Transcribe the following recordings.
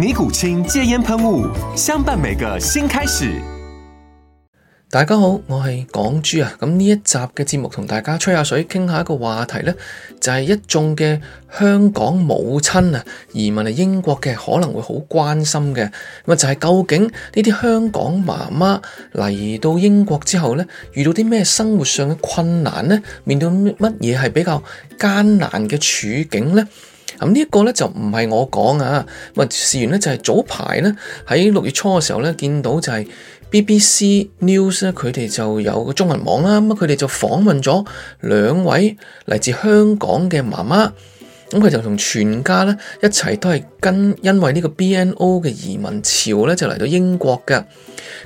尼古清戒煙噴霧，相伴每個新開始。大家好，我係港豬啊。咁呢一集嘅節目同大家吹下水，傾下一個話題咧，就係一眾嘅香港母親啊，移民嚟英國嘅，可能會好關心嘅。咁啊，就係究竟呢啲香港媽媽嚟到英國之後呢，遇到啲咩生活上嘅困難呢？面對乜嘢係比較艱難嘅處境呢？咁呢一個咧就唔係我講啊，咁啊事緣咧就係早排咧，喺六月初嘅時候咧，見到就係 BBC News 咧，佢哋就有個中文網啦，咁佢哋就訪問咗兩位嚟自香港嘅媽媽。咁佢就同全家咧一齊都係跟，因為呢個 BNO 嘅移民潮咧就嚟到英國嘅。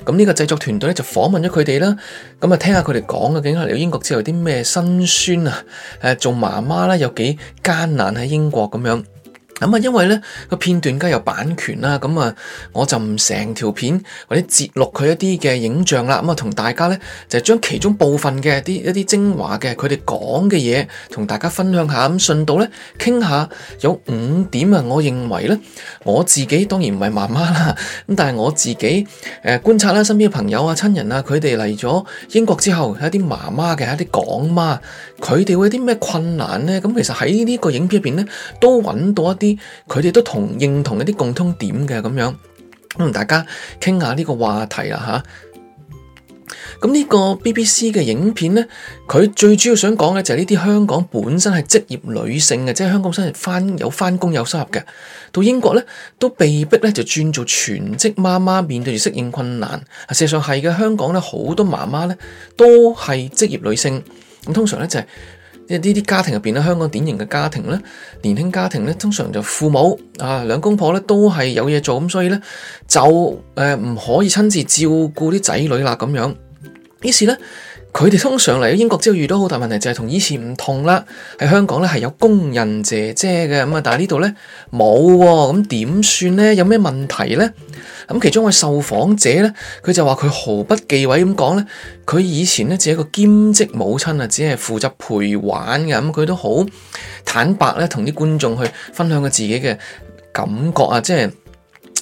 咁呢個製作團隊咧就訪問咗佢哋啦。咁啊，聽下佢哋講究竟嚟到英國之後有啲咩辛酸啊？誒，做媽媽咧有幾艱難喺英國咁樣。咁啊，因為呢個片段梗係有版權啦，咁、嗯、啊我就唔成條片或者截錄佢一啲嘅影像啦，咁啊同大家呢，就將其中部分嘅啲一啲精華嘅佢哋講嘅嘢同大家分享下，咁、嗯、順道呢，傾下有五點啊，我認為呢，我自己當然唔係媽媽啦，咁但係我自己誒、呃、觀察啦身邊嘅朋友啊、親人啊，佢哋嚟咗英國之後，一啲媽媽嘅一啲港媽。佢哋會有啲咩困難呢？咁其實喺呢個影片入邊呢，都揾到一啲佢哋都同認同嘅啲共通點嘅咁樣。咁大家傾下呢個話題啦吓，咁呢個 BBC 嘅影片呢，佢最主要想講嘅就係呢啲香港本身係職業女性嘅，即係香港本身係返有返工有收入嘅。到英國呢，都被逼呢就轉做全職媽媽，面對住適應困難。事實上係嘅，香港呢好多媽媽呢都係職業女性。咁通常咧就係呢啲家庭入邊咧，香港典型嘅家庭咧，年輕家庭咧，通常就父母啊兩公婆咧都係有嘢做，咁所以咧就誒唔、呃、可以親自照顧啲仔女啦，咁樣。於是咧，佢哋通常嚟英國之後遇到好大問題，就係、是、同以前唔同啦。喺香港咧係有工人姐姐嘅，咁啊，但係呢度咧冇，咁點算咧？有咩問題咧？其中一位受訪者咧，佢就話佢毫不忌諱咁講咧，佢以前呢，只係一個兼職母親，只係負責陪玩嘅，咁佢都好坦白咧，同啲觀眾去分享佢自己嘅感覺啊，即係。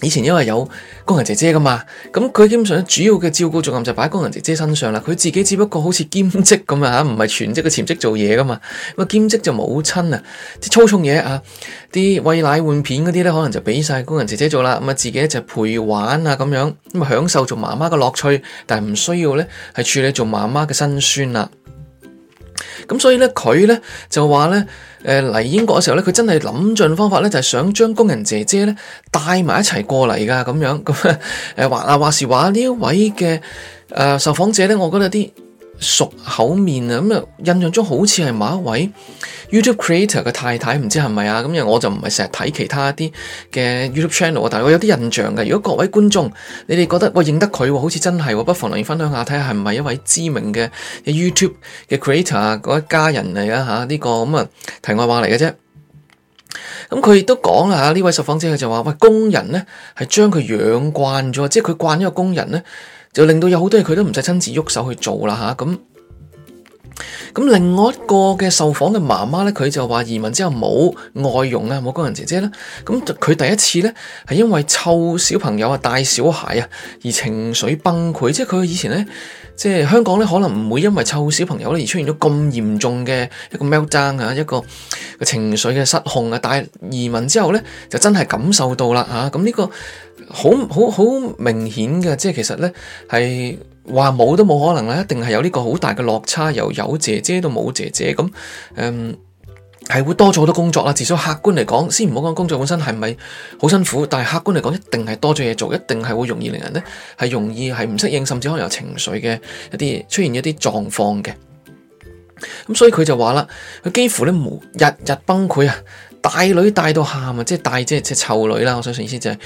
以前因為有工人姐姐噶嘛，咁佢基本上主要嘅照顧作用就擺工人姐姐身上啦。佢自己只不過好似兼職咁啊嚇，唔係全職嘅潛職做嘢噶嘛。咁啊兼職就冇親啊，啲粗重嘢啊，啲餵奶換片嗰啲咧，可能就俾晒工人姐姐做啦。咁啊自己就陪玩啊咁樣，咁啊享受做媽媽嘅樂趣，但係唔需要咧係處理做媽媽嘅辛酸啦。咁所以咧，佢咧就話咧，誒、呃、嚟英國嘅時候咧，佢真係諗盡方法咧，就係、是、想將工人姐姐咧帶埋一齊過嚟噶，咁樣咁誒、呃、話啊話時話呢一位嘅誒、呃、受訪者咧，我覺得啲。熟口面啊！咁啊，印象中好似係某一位 YouTube Creator 嘅太太，唔知係咪啊？咁因為我就唔係成日睇其他啲嘅 YouTube Channel，但係我有啲印象嘅。如果各位觀眾，你哋覺得喂認得佢，好似真係、啊，不妨留言分享下，睇下係唔係一位知名嘅 YouTube 嘅 Creator 嗰一家人嚟啊！吓、這、呢個咁啊，題外話嚟嘅啫。咁佢亦都講啦，呢位受訪者佢就話喂，工人呢，係將佢養慣咗，即係佢慣咗個工人呢。」就令到有好多嘢佢都唔使親自喐手去做啦嚇，咁咁另外一個嘅受訪嘅媽媽咧，佢就話移民之後冇外傭啊，冇工人姐姐啦。咁佢第一次咧係因為湊小朋友啊、帶小孩啊而情緒崩潰，即係佢以前咧，即係香港咧可能唔會因為湊小朋友咧而出現咗咁嚴重嘅一個 meltdown 啊，一個嘅情緒嘅失控啊，但係移民之後咧就真係感受到啦嚇，咁呢個。好好好明顯嘅，即係其實呢，係話冇都冇可能啦，一定係有呢個好大嘅落差，由有姐姐到冇姐姐咁，誒係、嗯、會多咗好多工作啦。至少客觀嚟講，先唔好講工作本身係咪好辛苦，但係客觀嚟講，一定係多咗嘢做，一定係會容易令人呢，係容易係唔適應，甚至可能有情緒嘅一啲出現一啲狀況嘅。咁所以佢就話啦，佢幾乎呢，冇日日崩潰啊！大女大到喊啊，即係大姐即係臭女啦，我想說意思就係，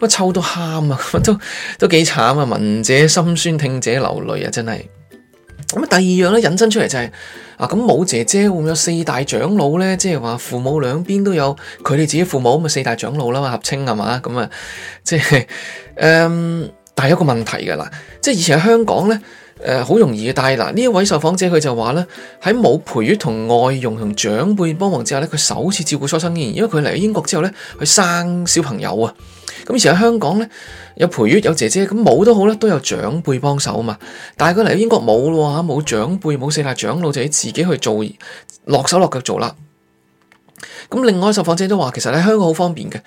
哇臭到喊啊，都都幾慘啊，聞者心酸，聽者流淚啊，真係。咁啊，第二樣咧引申出嚟就係，啊咁冇姐姐會唔會有四大長老咧，即係話父母兩邊都有，佢哋自己父母咁啊，咪四大長老啦嘛，合稱係嘛，咁啊，即係，誒，但係有一個問題嘅啦，即係以前喺香港咧。誒，好、呃、容易嘅，但係嗱，呢一位受訪者佢就話咧，喺冇陪月同外傭同長輩幫忙之下咧，佢首次照顧初生嬰兒，因為佢嚟英國之後咧，佢生小朋友啊，咁以前喺香港咧有陪月、有姐姐，咁冇都好啦，都有長輩幫手啊嘛，但係佢嚟英國冇啦，冇長輩冇四大長老，就要自己去做落手落腳做啦。咁另外受訪者都話，其實喺香港好方便嘅。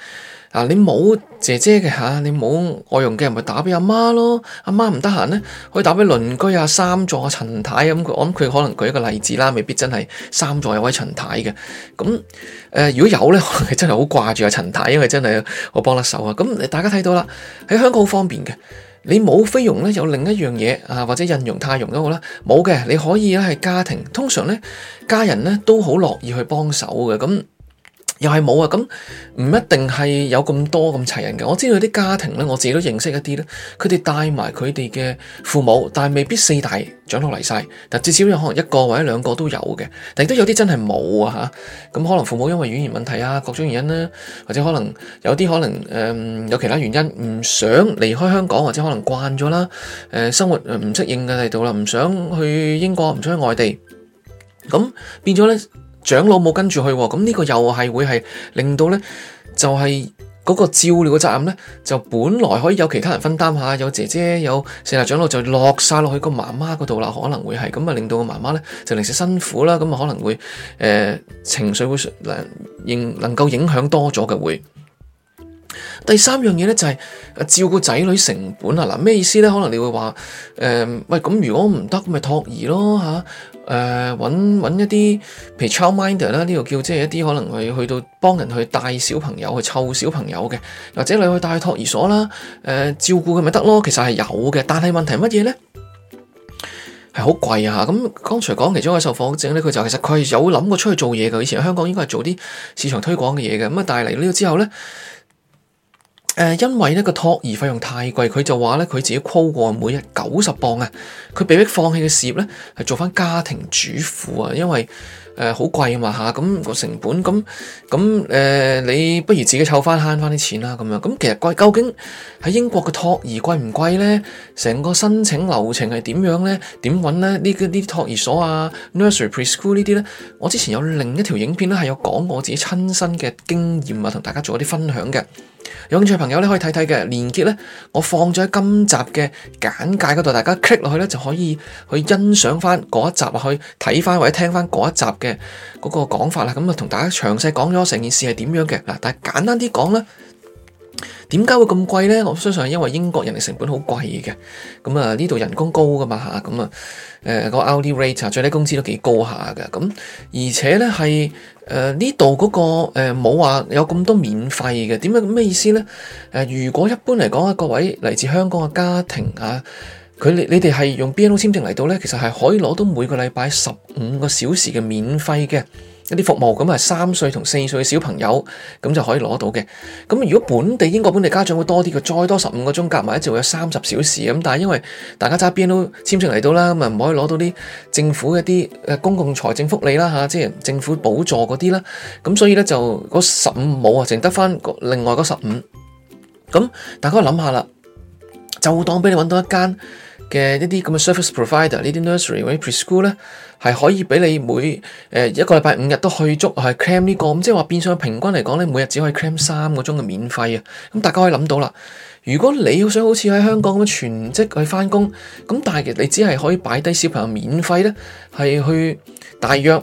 嗱、啊，你冇姐姐嘅嚇、啊，你冇外傭嘅，人咪打畀阿媽，媽咯。阿媽唔得閒咧，可以打畀鄰居啊，三座啊，陳太咁、嗯。我諗佢可能舉一個例子啦，未必真係三座有位陳太嘅。咁誒、呃，如果有咧，可能係真係好掛住阿、啊、陳太，因為真係好幫得手啊。咁你大家睇到啦，喺香港好方便嘅。你冇菲傭咧，有另一樣嘢啊，或者印傭、泰傭都好啦，冇嘅，你可以咧係家庭，通常咧家人咧都好樂意去幫手嘅咁。又係冇啊！咁唔一定係有咁多咁齊人嘅。我知道有啲家庭咧，我自己都認識一啲咧，佢哋帶埋佢哋嘅父母，但係未必四大長老嚟晒。但至少有可能一個或者兩個都有嘅。但亦都有啲真係冇啊！嚇咁可能父母因為語言問題啊，各種原因咧、啊，或者可能有啲可能誒、呃、有其他原因唔想離開香港，或者可能慣咗啦，誒、呃、生活唔適應嘅地度啦，唔想去英國，唔想去外地，咁變咗咧。長老冇跟住去，咁呢個又係會係令到呢，就係、是、嗰個照料嘅責任呢，就本來可以有其他人分擔下，有姐姐、有四大長老就落晒落去個媽媽嗰度啦，可能會係咁啊，令到個媽媽呢，就零舍辛苦啦，咁啊可能會誒、呃、情緒會能，能夠影能夠影響多咗嘅會。第三樣嘢呢，就係、是、照顧仔女成本啊嗱，咩意思呢？可能你會話誒、呃、喂，咁如果唔得咪托兒咯吓。誒揾揾一啲，譬如 childminder 啦，呢度叫即係一啲可能去去到幫人去帶小朋友，去湊小朋友嘅，或者你去帶托兒所啦，誒、呃、照顧佢咪得咯。其實係有嘅，但係問題乜嘢咧？係好貴啊！咁剛才講其中一個受訪者咧，佢就其實佢係有諗過出去做嘢嘅。以前香港應該係做啲市場推廣嘅嘢嘅，咁啊，但係嚟到呢度之後咧。因為咧個託兒費用太貴，佢就話咧佢自己 call 過每日九十磅啊，佢被迫放棄嘅事業咧係做翻家庭主婦啊，因為誒好貴啊嘛嚇，咁個成本咁咁誒，你不如自己湊翻慳翻啲錢啦咁樣。咁、嗯、其實貴究竟喺英國嘅托兒貴唔貴咧？成個申請流程係點樣咧？點揾咧？呢呢啲托兒所啊、Nursery Preschool 呢啲咧？我之前有另一條影片咧係有講我自己親身嘅經驗啊，同大家做一啲分享嘅。有興趣朋友咧可以睇睇嘅，連結咧我放咗喺今集嘅簡介嗰度，大家 click 落去咧就可以去欣賞翻嗰一集，去睇翻或者聽翻嗰一集嘅嗰個講法啦。咁啊，同大家詳細講咗成件事係點樣嘅嗱，但係簡單啲講咧，點解會咁貴呢？我相信係因為英國人力成本好貴嘅，咁啊呢度人工高噶嘛吓，咁、嗯、啊誒個 hourly rate 啊最低工資都幾高下嘅，咁、嗯、而且呢，係誒呢度嗰個誒冇話有咁多免費嘅。點解咩意思呢？誒、呃、如果一般嚟講啊，各位嚟自香港嘅家庭啊，佢你你哋係用 BNO 簽證嚟到咧，其實係可以攞到每個禮拜十五個小時嘅免費嘅。一啲服務咁啊，三歲同四歲嘅小朋友咁就可以攞到嘅。咁如果本地英國本地家長會多啲嘅，再多十五個鐘夾埋一陣，就會有三十小時啊。咁但係因為大家揸 BNO 簽證嚟到啦，咁啊唔可以攞到啲政府一啲誒公共財政福利啦吓、啊、即係政府補助嗰啲啦。咁所以咧就嗰十五冇啊，剩得翻另外嗰十五。咁大家諗下啦，就當俾你揾到一間，嘅一啲咁嘅 service provider，呢啲 nursery 或者 preschool 咧，係可以俾你每誒一個禮拜五日都去足，係 claim 呢個，咁即係話變相平均嚟講咧，你每日只可以 claim 三個鐘嘅免費啊。咁大家可以諗到啦，如果你要想好似喺香港咁樣全職去翻工，咁但係其實你只係可以擺低小朋友免費咧，係去大約，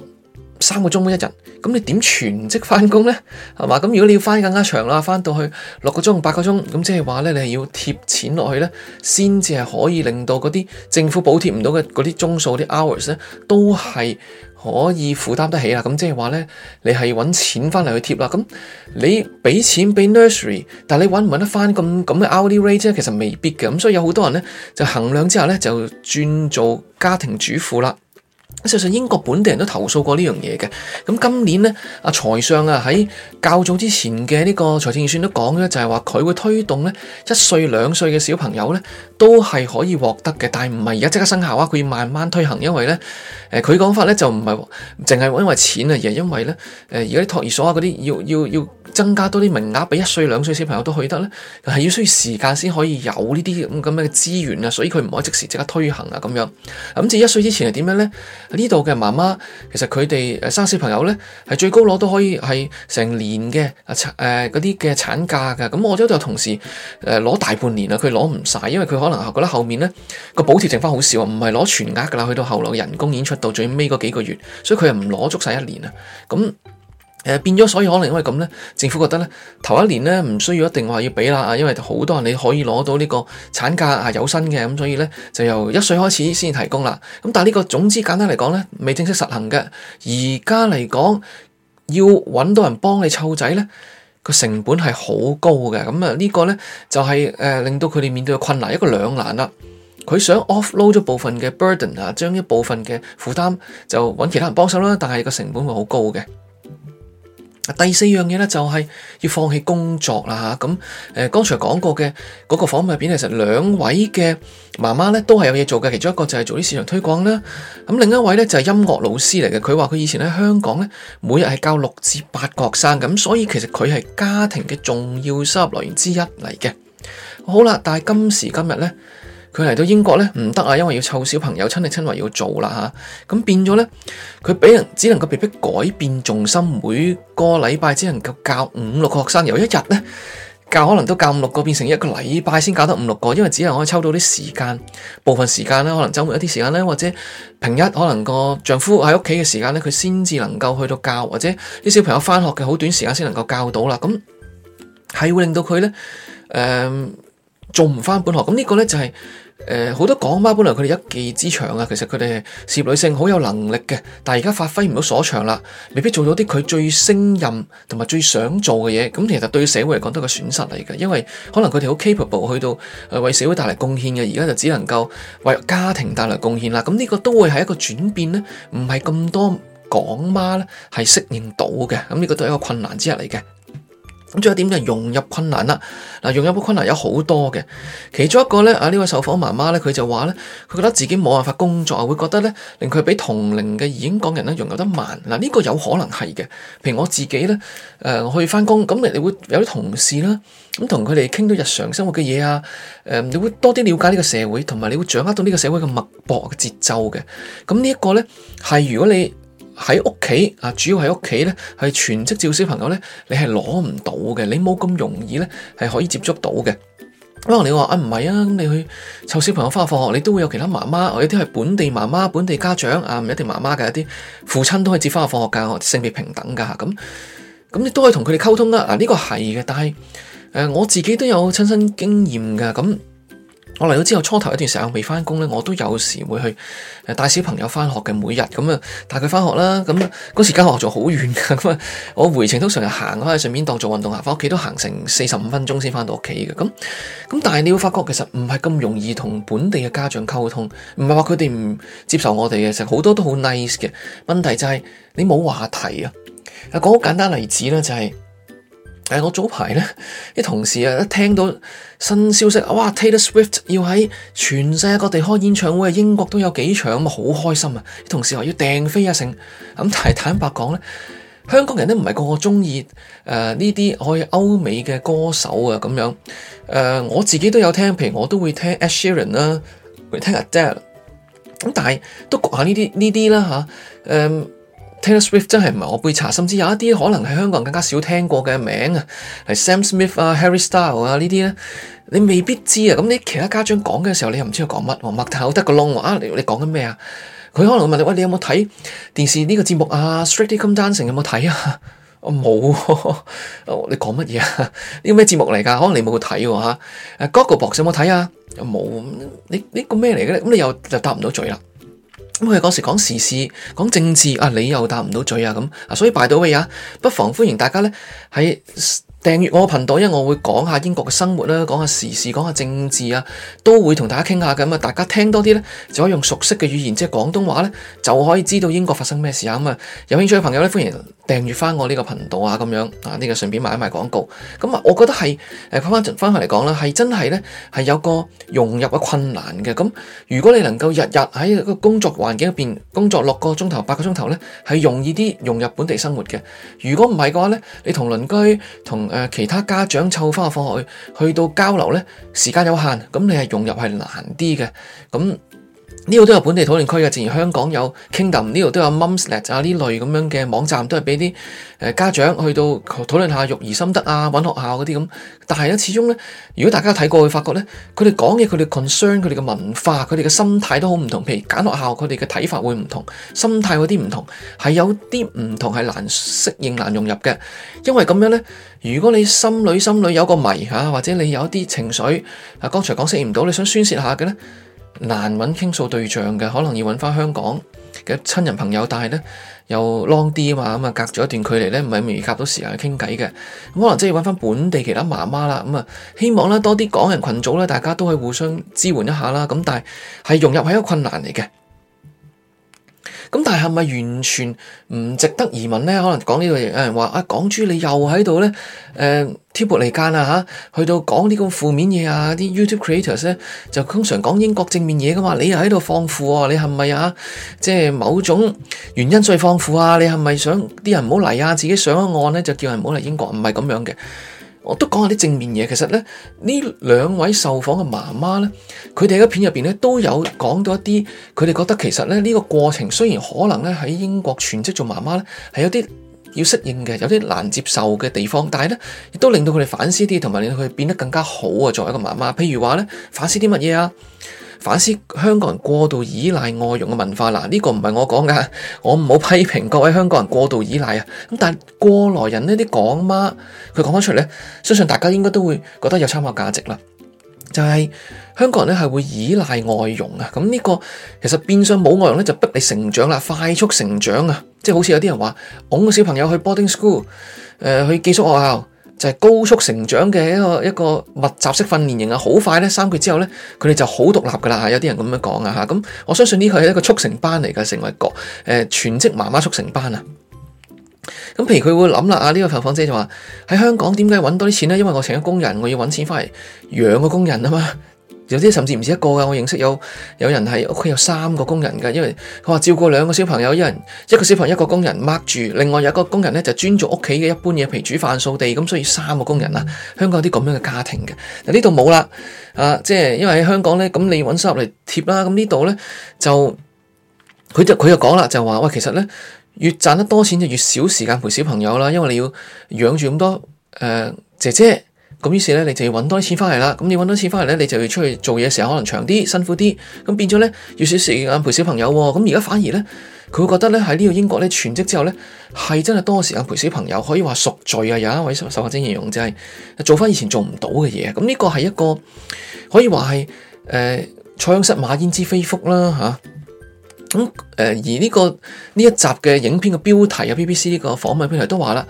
三個鐘一陣，咁你點全職返工呢？係嘛？咁如果你要返更加長啦，返到去六個鐘、八個鐘，咁即係話呢，你係要貼錢落去呢，先至係可以令到嗰啲政府補貼唔到嘅嗰啲鐘數、啲 hours 呢，都係可以負擔得起啦。咁即係話呢，你係揾錢返嚟去貼啦。咁你畀錢畀 nursery，但係你揾唔揾得返咁咁嘅 hourly rate 啫，其實未必嘅。咁所以有好多人呢，就衡量之後呢，就轉做家庭主婦啦。事實上，英國本地人都投訴過呢樣嘢嘅。咁今年呢，阿財相啊喺較早之前嘅呢個財政預算都講咧，就係話佢會推動咧一歲兩歲嘅小朋友咧都係可以獲得嘅。但係唔係而家即刻生效啊，佢要慢慢推行，因為咧，誒佢講法咧就唔係淨係因為錢啊，而係因為咧，誒而家啲托兒所啊嗰啲要要要增加多啲名額俾一歲兩歲小朋友都去得咧，係要需要時間先可以有呢啲咁咁嘅資源啊。所以佢唔可以即時即刻推行啊咁樣。咁至於一歲之前係點樣咧？呢度嘅媽媽，其實佢哋生小朋友咧，係最高攞都可以係成年嘅啊產誒啲嘅產假㗎。咁我都有同事誒攞、呃、大半年啦，佢攞唔晒，因為佢可能覺得後面咧個補貼剩翻好少啊，唔係攞全額㗎啦。去到後來嘅人工已經出到最尾嗰幾個月，所以佢又唔攞足晒一年啊。咁。誒變咗，所以可能因為咁呢，政府覺得呢，頭一年呢，唔需要一定話要畀啦，因為好多人你可以攞到呢個產假啊，有薪嘅，咁所以呢，就由一歲開始先提供啦。咁但係呢個總之簡單嚟講呢，未正式實行嘅。而家嚟講要揾到人幫你湊仔呢，個成本係好高嘅。咁啊，呢個呢，就係誒令到佢哋面對嘅困難，一個兩難啦。佢想 offload 咗部分嘅 burden 啊，將一部分嘅負擔就揾其他人幫手啦，但係個成本會好高嘅。第四樣嘢咧，就係要放棄工作啦嚇，咁誒剛才講過嘅嗰個房屋入邊，其實兩位嘅媽媽咧都係有嘢做嘅，其中一個就係做啲市場推廣啦，咁另一位咧就係音樂老師嚟嘅，佢話佢以前喺香港咧每日係教六至八個學生，咁所以其實佢係家庭嘅重要收入來源之一嚟嘅。好啦，但係今時今日咧。佢嚟到英國咧，唔得啊，因為要湊小朋友親力親為要做啦，嚇，咁、啊、變咗咧，佢俾人只能夠被迫改變重心，每個禮拜只能夠教五六個學生，由一日咧教可能都教五六個，變成一個禮拜先教得五六個，因為只能可以抽到啲時間，部分時間咧，可能周末一啲時間咧，或者平日可能個丈夫喺屋企嘅時間咧，佢先至能夠去到教，或者啲小朋友翻學嘅好短時間先能夠教到啦，咁、啊、係會令到佢咧誒做唔翻本學，咁呢個咧就係、是。誒，好、呃、多港媽本來佢哋一技之長啊，其實佢哋係事業女性好有能力嘅，但係而家發揮唔到所長啦，未必做咗啲佢最勝任同埋最想做嘅嘢，咁其實對社會嚟講都係個損失嚟嘅，因為可能佢哋好 capable 去到誒為社會帶嚟貢獻嘅，而家就只能夠為家庭帶嚟貢獻啦，咁呢個都會係一個轉變咧，唔係咁多港媽咧係適應到嘅，咁呢個都係一個困難之一嚟嘅。咁仲有一點就係融入困難啦，嗱，融入嘅困難有好多嘅，其中一個咧啊，呢位受訪媽媽咧，佢就話咧，佢覺得自己冇辦法工作啊，會覺得咧，令佢比同齡嘅演講人咧融入得慢。嗱、這、呢個有可能係嘅，譬如我自己咧，誒去翻工，咁你你會有啲同事啦，咁同佢哋傾到日常生活嘅嘢啊，誒、呃、你會多啲了解呢個社會，同埋你會掌握到呢個社會嘅脈搏嘅節奏嘅。咁呢一個咧係如果你。喺屋企啊，主要喺屋企咧，係全職照小朋友咧，你係攞唔到嘅，你冇咁容易咧，係可以接觸到嘅。可能你話啊，唔係啊，咁你去湊小朋友返學放學，你都會有其他媽媽，有啲係本地媽媽、本地家長啊，唔一定媽媽嘅，一啲父親都係接返學放學㗎，性別平等㗎，咁咁你都可以同佢哋溝通啊。嗱、這、呢個係嘅，但係誒我自己都有親身經驗㗎，咁。我嚟到之後，初頭一段時間未返工呢，我都有時會去帶小朋友返學嘅，每日咁啊帶佢返學啦。咁、那、嗰、個、時間學校仲好遠嘅，咁 啊我回程都成日行翻，順便當做運動行，翻屋企都行成四十五分鐘先返到屋企嘅。咁咁，但係你要發覺其實唔係咁容易同本地嘅家長溝通，唔係話佢哋唔接受我哋嘅，其實好多都好 nice 嘅。問題就係你冇話題啊。啊，講好簡單例子啦、就是，就係。誒我早排咧啲同事啊一聽到新消息，哇 Taylor Swift 要喺全世界各地開演唱會，英國都有幾場，咪好開心啊！啲同事話要訂飛啊成。咁但係坦白講咧，香港人咧唔係個個中意誒呢啲去歐美嘅歌手啊咁樣，誒、呃、我自己都有聽，譬如我都會聽 Ed Sheeran 啦，會聽 Adele，咁但係都侷限呢啲呢啲啦嚇，誒。啊嗯 Taylor Swift 真係唔係我杯茶，甚至有一啲可能係香港人更加少聽過嘅名啊，係 Sam Smith 啊、Harry Styles 啊呢啲咧，你未必知啊。咁你其他家長講嘅時候，你又唔知佢講乜喎，擘頭得個窿啊！你你講緊咩啊？佢可能會問你：喂，你有冇睇電視呢個節目啊？Strictly Come Dancing 有冇睇啊？冇、哦，你講乜嘢啊？呢個咩節目嚟㗎？可能你冇去睇喎嚇。Gogglebox 有冇睇啊？冇、啊啊啊，你呢個咩嚟嘅？㗎？咁、啊、你又就答唔到嘴啦。咁佢嗰時講時事、講政治，啊，你又答唔到嘴啊咁，所以拜到為下，不妨歡迎大家咧，係訂閱我嘅頻道，因為我會講下英國嘅生活啦，講下時事，講下政治啊，都會同大家傾下嘅，咁大家聽多啲呢，就可以用熟悉嘅語言，即係廣東話呢，就可以知道英國發生咩事啊，咁有興趣嘅朋友咧，歡迎。訂閱翻我呢個頻道啊，咁樣啊，呢、這個順便賣一賣廣告。咁啊，我覺得係誒翻翻翻嚟講啦，係真係咧係有個融入嘅困難嘅。咁如果你能夠日日喺個工作環境入邊工作六個鐘頭、八個鐘頭咧，係容易啲融入本地生活嘅。如果唔係嘅話咧，你同鄰居、同誒、呃、其他家長湊翻學放學去，去到交流咧，時間有限，咁你係融入係難啲嘅。咁。呢度都有本地討論區嘅，正如香港有 Kingdom，呢度都有 Mumsnet 啊呢類咁樣嘅網站，都係畀啲誒家長去到討論下育兒心得啊、揾學校嗰啲咁。但係咧，始終咧，如果大家睇過，會發覺咧，佢哋講嘢、佢哋 concern、佢哋嘅文化、佢哋嘅心態都好唔同。譬如揀學校，佢哋嘅睇法會唔同，心態有啲唔同，係有啲唔同係難適應、難融入嘅。因為咁樣咧，如果你心裏心裏有個迷嚇，或者你有一啲情緒啊，剛才講適應唔到，你想宣泄下嘅咧。難揾傾訴對象嘅，可能要揾翻香港嘅親人朋友，但係咧又 long 啲啊嘛，咁啊隔咗一段距離咧，唔係咁容易夾到時間去傾偈嘅，咁可能即係要揾翻本地其他媽媽啦，咁啊希望咧多啲港人群組咧，大家都可以互相支援一下啦，咁但係係融入喺一個困難嚟嘅。咁但係係咪完全唔值得移民呢？可能講呢句嘢，有人話啊，港豬你又喺度咧，誒、呃、挑撥離間啊嚇，去到講啲咁負面嘢啊，啲 YouTube creators 呢、啊，就通常講英國正面嘢噶嘛，你又喺度放負喎，你係咪啊？即、就、係、是、某種原因在放負啊？你係咪想啲人唔好嚟啊？自己上咗岸呢，就叫人唔好嚟英國，唔係咁樣嘅。我都講下啲正面嘢。其實咧，呢兩位受訪嘅媽媽咧，佢哋喺片入邊咧都有講到一啲，佢哋覺得其實咧呢個過程雖然可能咧喺英國全職做媽媽咧係有啲要適應嘅，有啲難接受嘅地方，但係呢亦都令到佢哋反思啲，同埋令到佢哋變得更加好啊！作為一個媽媽，譬如話呢，反思啲乜嘢啊？反思香港人過度依賴外傭嘅文化嗱，呢、這個唔係我講㗎，我唔好批評各位香港人過度依賴啊。咁但係過來人呢啲港媽，佢講返出嚟咧，相信大家應該都會覺得有參考價值啦。就係、是、香港人咧係會依賴外傭啊，咁、這、呢個其實變相冇外傭咧就逼你成長啦，快速成長啊，即係好似有啲人話，我個小朋友去 boarding school，誒、呃、去寄宿學校。就係高速成長嘅一個一個密集式訓練營啊！好快咧，三個月之後咧，佢哋就好獨立噶啦嚇，有啲人咁樣講啊嚇。咁我相信呢個係一個速成班嚟㗎，成為個誒全職媽媽速成班啊！咁譬如佢會諗啦啊，呢、這個購房者就話喺香港點解揾多啲錢咧？因為我請咗工人，我要揾錢翻嚟養個工人啊嘛。有啲甚至唔止一個㗎，我認識有有人係屋企有三個工人㗎，因為佢話照顧兩個小朋友，一人一個小朋友一個工人掹住，另外有一個工人咧就是、專做屋企嘅一般嘢，譬如煮飯、掃地，咁所以三個工人啊。香港有啲咁樣嘅家庭嘅，嗱呢度冇啦，啊，即、就、係、是、因為喺香港咧，咁你要搵收入嚟貼啦，咁呢度咧就佢就佢就講啦，就話喂，其實咧越賺得多錢就越少時間陪小朋友啦，因為你要養住咁多誒、呃、姐姐。咁於是咧，你就要揾多啲錢翻嚟啦。咁你揾多啲錢翻嚟咧，你就要出去做嘢嘅時候可能長啲，辛苦啲。咁變咗咧，要少時間陪小朋友喎、啊。咁而家反而呢，佢會覺得咧喺呢在個英國咧全職之後咧，係真係多時間陪小朋友，可以話贖罪啊！有一位受訪者形容就係、是、做翻以前做唔到嘅嘢。咁呢個係一個可以話係誒塞翁失馬焉知非福啦嚇、啊呃。而呢、呢個呢一集嘅影片嘅標題啊，BBC 呢個訪問標題都話啦。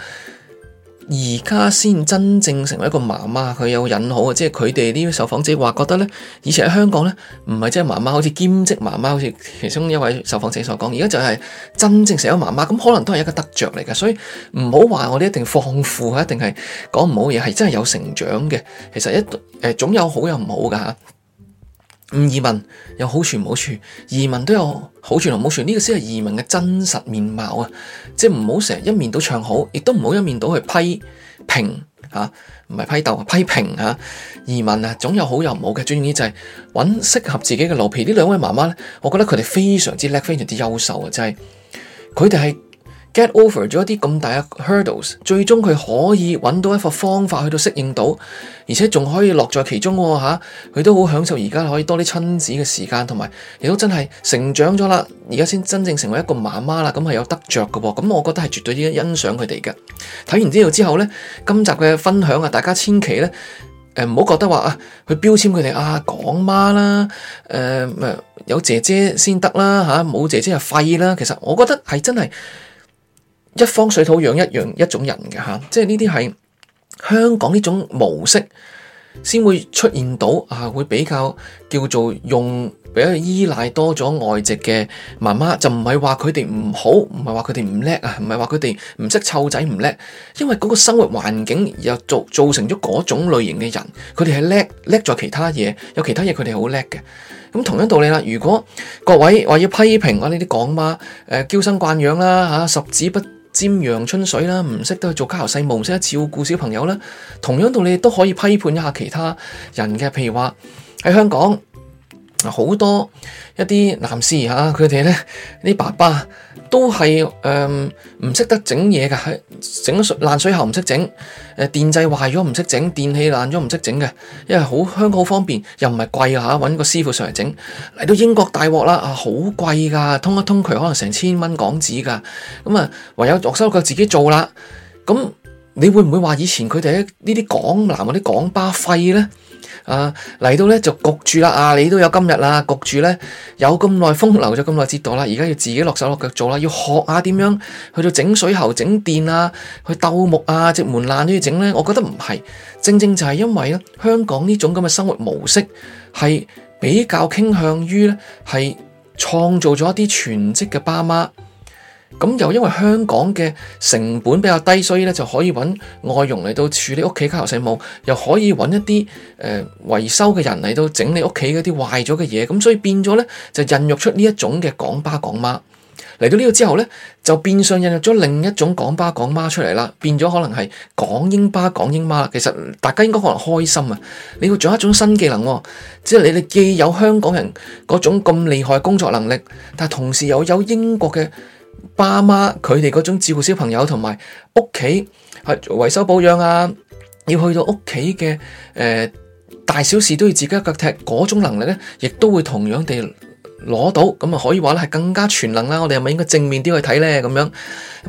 而家先真正成為一個媽媽，佢有引號，即係佢哋呢啲受訪者話覺得呢，以前喺香港呢，唔係即係媽媽，好似兼職媽媽，好似其中一位受訪者所講，而家就係真正成咗媽媽，咁可能都係一個得着嚟嘅，所以唔好話我哋一定放負，一定係講唔好嘢，係真係有成長嘅，其實一誒總有好有唔好噶吓。唔移民有好處唔好處，移民都有好處同唔好處，呢、這個先係移民嘅真實面貌啊！即係唔好成日一面倒唱好，亦都唔好一面倒去批評吓，唔、啊、係批鬥，批評吓、啊、移民啊，總有好有唔好嘅，最重要就係揾適合自己嘅路。譬如呢兩位媽媽咧，我覺得佢哋非常之叻，非常之優秀啊！真係，佢哋係，get over 咗一啲咁大嘅 hurdles，最終佢可以揾到一個方法去到適應到，而且仲可以樂在其中吓、哦，佢、啊、都好享受而家可以多啲親子嘅時間，同埋亦都真係成長咗啦，而家先真正成為一個媽媽啦，咁係有得着嘅、哦，咁我覺得係絕對欣欣賞佢哋嘅。睇完呢條之後呢，今集嘅分享啊，大家千祈呢唔好、呃、覺得話啊，去標籤佢哋啊，港媽啦，誒、呃呃，有姐姐先得啦吓，冇、啊、姐姐啊廢啦，其實我覺得係真係。一方水土養一樣一種人嘅吓，即係呢啲係香港呢種模式先會出現到啊，會比較叫做用比較依賴多咗外籍嘅媽媽，就唔係話佢哋唔好，唔係話佢哋唔叻啊，唔係話佢哋唔識湊仔唔叻，因為嗰個生活環境又造造成咗嗰種類型嘅人，佢哋係叻叻在其他嘢，有其他嘢佢哋好叻嘅。咁同樣道理啦，如果各位話要批評我呢啲港媽誒嬌生慣養啦吓，十指不。沾陽春水啦，唔識得去做家頭細務，唔識得照顧小朋友啦。同樣道理都可以批判一下其他人嘅，譬如話喺香港。好多一啲男士吓，佢哋咧啲爸爸都係誒，唔識得整嘢㗎，整水爛水喉唔識整，誒電掣壞咗唔識整，電器爛咗唔識整嘅。因為好香港好方便，又唔係貴吓，揾個師傅上嚟整，嚟到英國大鑊啦，啊好貴㗎，通一通渠可能成千蚊港紙㗎，咁啊，唯有落手佢自己做啦。咁你會唔會話以前佢哋喺呢啲港男嗰啲港巴廢呢？啊嚟到呢就焗住啦，阿、啊、你都有今日啦，焗住呢，有咁耐風流咗咁耐折墮啦，而家要自己落手落腳做啦，要學下點樣去到整水喉、整電啊，去鬥木啊、直門爛都要整呢。我覺得唔係，正正就係因為呢香港呢種咁嘅生活模式係比較傾向於呢係創造咗一啲全職嘅爸媽。咁又因為香港嘅成本比較低，所以咧就可以揾外傭嚟到處理屋企嘅家頭細務，又可以揾一啲誒、呃、維修嘅人嚟到整理屋企嗰啲壞咗嘅嘢，咁所以變咗咧就孕育出呢一種嘅港爸港媽。嚟到呢度之後咧，就變相孕育咗另一種港爸港媽出嚟啦，變咗可能係港英爸、港英媽啦。其實大家應該可能開心啊！你會掌握一種新技能喎，即係你哋既有香港人嗰種咁厲害工作能力，但係同時又有英國嘅。爸媽佢哋嗰種照顧小朋友同埋屋企係維修保養啊，要去到屋企嘅誒大小事都要自己一腳踢嗰種能力呢，亦都會同樣地攞到，咁啊可以話咧係更加全能啦。我哋係咪應該正面啲去睇呢？咁樣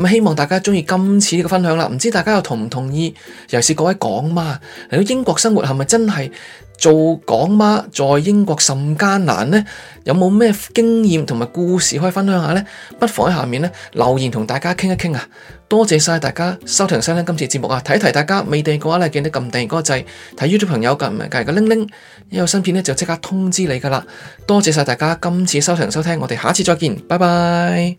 咁啊，希望大家中意今次嘅分享啦。唔知大家又同唔同意？尤其是各位港媽嚟到英國生活，係咪真係？做港媽在英國甚艱難呢？有冇咩經驗同埋故事可以分享下呢？不妨喺下面咧留言同大家傾一傾啊！多謝曬大家收聽收聽今次節目啊！提一提大家未訂閱嘅話呢，記得撳訂閱嗰個掣，睇 YouTube 朋友撳唔撳隔離個鈴鈴，一有新片呢就即刻通知你噶啦！多謝曬大家今次收聽收聽，我哋下次再見，拜拜。